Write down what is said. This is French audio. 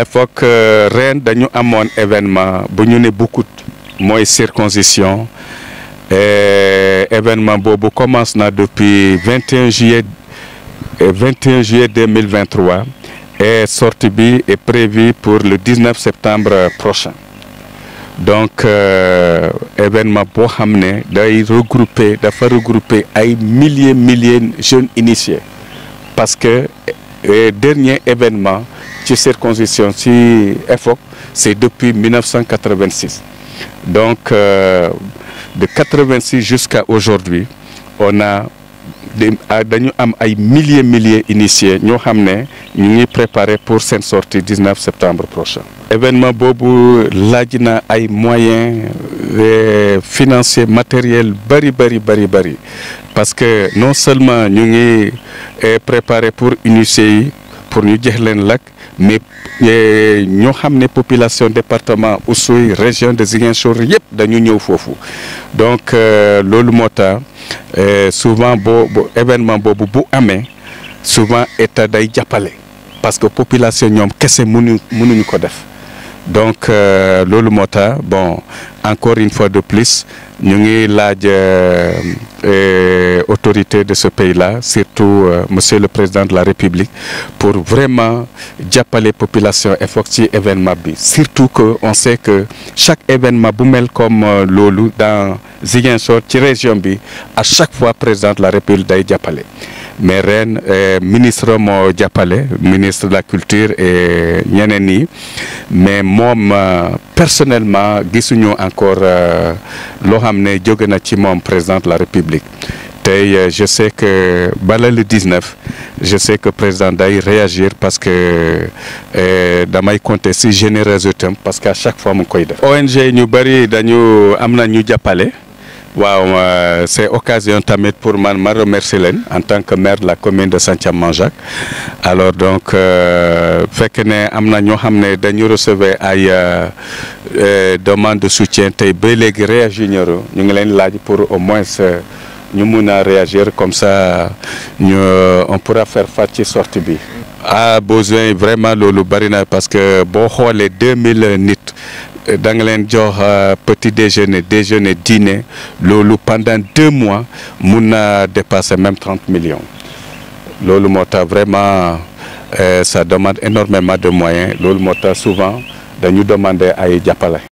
époque euh, ren dañu un événement bu ñu beaucoup de mooy circoncision événement commence na depuis 21 juillet 21 euh, juillet 2023 et sortie bi est prévu pour le 19 septembre prochain donc euh, événement boo xam regrouper milliers regrouper milliers milliers jeunes initiés parce que dernier événement ci circonscription ci c'est depuis 1986 donc euh, de 86 jusqu'à aujourd'hui on a des ah, am des milliers milliers initiés nous sommes pour cette sortie 19 septembre prochain événement bobo lagina a des moyens euh, financiers matériels bari bari bari bari parce que non seulement nous euh, sommes préparés pour initier pour ñu jeex leen lakk mais ñoo xam ne population département Oussouye région de Ziguinchor yëpp dañu ñëw foofu donc euh, loolu moo euh, souvent boo événement boobu bu amee souvent état day jàppale parce que population ñoom kese mënu mënuñu ko def donc euh, Loulou Mota, bon encore une fois de plus nous ngi l'autorité euh, euh, autorité de ce pays là surtout monsieur le président de la république pour vraiment la population et événement bi surtout que on sait que chaque événement boumel comme lolo dans Ziguinchor ci région à chaque fois président de la république day mais ren ministre ministre de la culture et Nyaneni mais moi, euh, personnellement gisuñu encore euh, lo xamné ci président de la République Et euh, je sais que bala le 19 je sais que président day réagir parce que ma compter si généreux parce qu'à chaque fois mon koy ONG ñu bari dañu amna ñu euh, c'est l'occasion pour moi de remercier en tant que maire de la commune de saint manjac alors donc euh, fekk ne am na recevoir ay euh, demande de soutien et ba réagir Nous ngi leen pour au moins nous réagir comme ça nous on pourra faire face à sortie bi. a ah, besoin vraiment de barina parce que boo les 2000 nits dans les euh, petit déjeuner déjeuner dîner pendant deux mois nous dépassé dépassé même 30 millions lolo mota vraiment euh, ça demande énormément de moyens lolo mota souvent nous demander à